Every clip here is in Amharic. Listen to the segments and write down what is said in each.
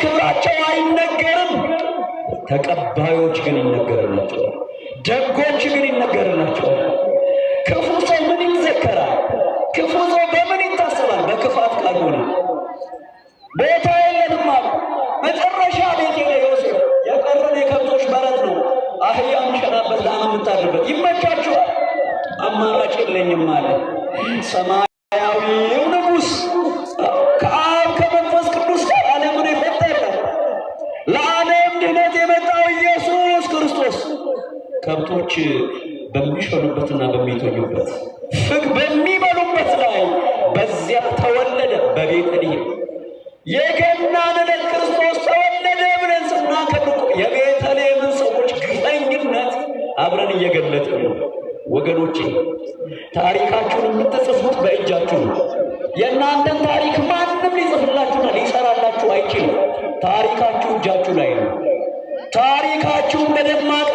ክብራቸው አይነገርም፣ ተቀባዮች ግን ይነገርላቸዋል። ደጎች ግን ይነገርላቸዋል። ክፉ ሰው ምን ይዘከራል? ክፉ ሰው በምን ይታሰባል? በክፋት ካልሆነ ቦታ የለንም አሉ። መጨረሻ ቤት የለ ዮሴፍ የቀረን የከብቶች በረት ነው። አህያ ምሸራበት ዳና የምታድርበት ይመቻችኋል። አማራጭ የለኝም አለ ሰማያዊ ከብቶች በሚሸኑበትና በሚተኙበት ፍግ በሚበሉበት ላይ በዚያ ተወለደ። በቤተልሔም የገናን ዕለት ክርስቶስ ተወለደ ብለን ስናከብር የቤተልሔምን ሰዎች ግፈኝነት አብረን እየገለጥ ነው። ወገኖቼ ታሪካችሁን የምትጽፉት በእጃችሁ ነው። የእናንተን ታሪክ ማንም ሊጽፍላችሁና ሊሰራላችሁ አይችልም። ታሪካችሁ እጃችሁ ላይ ነው። ታሪካችሁ በደማቅ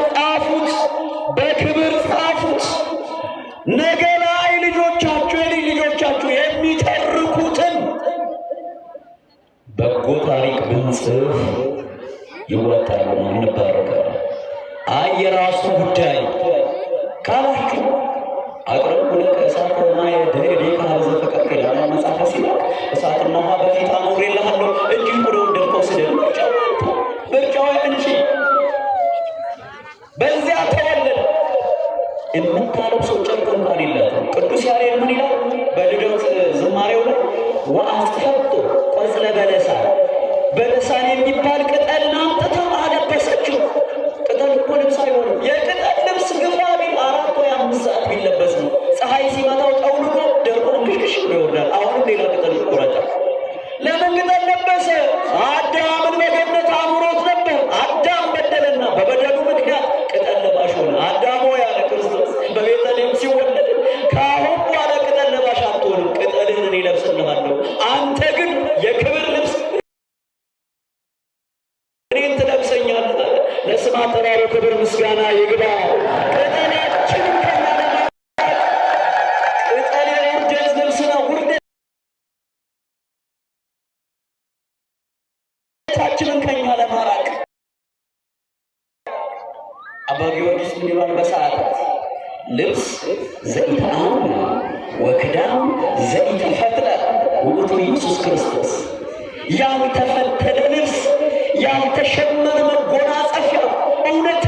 በጎ ታሪክ ብንጽፍ ይወጣል ነው እንባረካል። አይ የራሱ ጉዳይ ካላችሁ አቅርቡ ለእሳት ሆና የደሄዴ ካህዘ ፈቀቅ ያለ መጽሐፈ ሲላክ እሳትና ውሃ በፊት አኖሬልሃለሁ እንዲሁ ወደ ወደድከው ስደል ምርጫው ምርጫው እንጂ በዚያ ተወለድ ሰው ጨርቅ እንኳን የላትም። ቅዱስ ያሬድ ምን ይላል በልደት ዝማሬው ላይ ወአስከብ በለሳን በለሳን የሚባል ቅጠል አምጥተው አለበሰችው። ቅጠል እኮ ልብስ አይሆንም። የቅጠል ልብስ ግፋ ቢል አራት ወይ አምስት ሰዓት ቢለበስ ነው። ፀሐይ ሲመታው ጠውልጎ ደርቆ ክሽክሽ ይወርዳል። አሁንም ሌላ አባ ጊዮርጊስ ምን ይሏል? በሰዓታት ልብስ ዘይተአም ወክዳም ዘይተፈትለ ውእቱ ኢየሱስ ክርስቶስ። ያልተፈተለ ልብስ ያልተሸመነ መጎናጸፊያ እውነት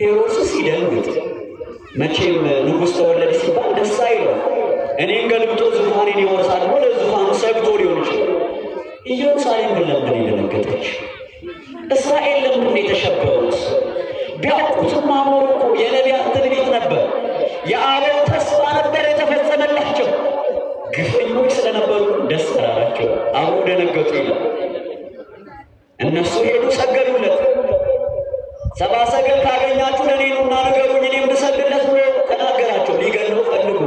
ሄሮድስ ይደንግጥ። መቼም ንጉሥ ተወለደ ሲባል ደስ አይለው። እኔን ገልብጦ ዙፋኔን ይወርሳል ብሎ ለዙፋኑ ሰግቶ ሊሆን ይችላል። ኢየሩሳሌም ግን ለምን የደነገጠች? እስራኤል ለምን የተሸበሩት? ቢያውቁትም ማኖር እኮ የነቢያት ትንቢት ነበር። የአበው ተስፋ ነበር የተፈጸመላቸው። ግፈኞች ስለነበሩ ደስ አላላቸው፣ አብሮ ደነገጡ ይላል። እነሱ ሄዱ፣ ሰገዱለት። ሰባ ሰገል ካገኛችሁ ለእኔ ኑና ንገሩኝ፣ እኔ እንድሰግድለት ብሎ ተናገራቸው። ሊገድሉ ፈልጉ።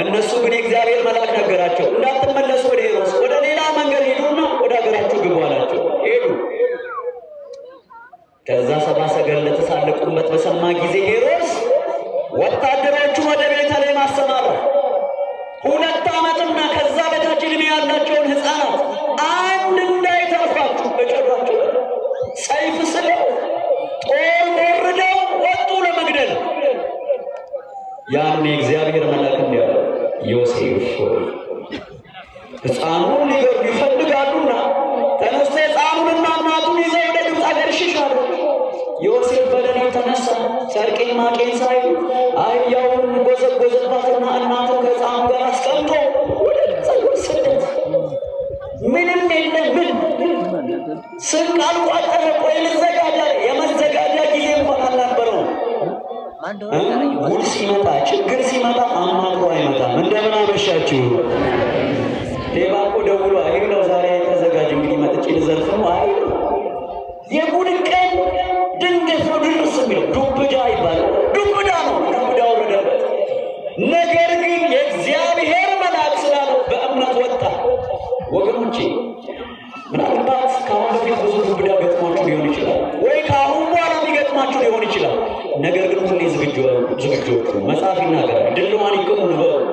እነሱ ግን የእግዚአብሔር መልአክ ነገራቸው፣ እንዳትመለሱ ወደ ሄሮስ ወደ ሌላ መንገድ ሄዱና ወደ ሀገራችሁ ግቡ አላቸው። ሄዱ። ከዛ ሰባ ሰገል ለተሳለቁበት በሰማ ጊዜ ሄሮስ ወታደሮቹ ወደ ቤተልሔም አሰማራ። ሁለት ዓመትና ከዛ በታች ዕድሜ ያላቸውን ሕፃናት ያን የእግዚአብሔር መልአክ ያለው ዮሴፍ ሆይ ሕፃኑን ሊገርዱ ይፈልጋሉና ተነስተ ሕፃኑንና እናቱን ይዘ ወደ ግብፅ አገር ሽሽ አለ። ዮሴፍ በደህና ተነሳ። ጨርቄን ማቄን ሳይ አህያውን ጎዘጎዘባትና እናቱን ከሕፃኑ ጋር አስቀምጦ ወደ ግብፅ ወሰደት። ምንም ምንም ምን ስንቅ አልቋጠረ ጉድ ሲመጣ ችግር ሲመጣ አማሮ አይመጣም። እንደምን አመሻችሁ። ሌባ እኮ ደውሎ ይብለው ዛሬ ተዘጋጅ እንግዲህ መጥቼ ልዘርፍ ነው አይ የጉድ ቀን ድንገት ነው ድርስ የሚለው ዱብዳ ይባላል። ዱብዳ ነው ዱብዳ ወረደበት። ነገር ግን የእግዚአብሔር መልአክ ስላለው በእምነት ወጣ። ወገኖቼ ምናልባት ከአሁን በፊት ብዙ ዱብዳ ገጥሟችሁ ሊሆን ይችላል፣ ወይ ከአሁን በኋላ የሚገጥማችሁ ሊሆን ይችላል። ነገር ግን ሁሌ ዝግጁ ዝግጁ መጽሐፍ ይናገራል ድል ማን ይቀሙ ንበሩ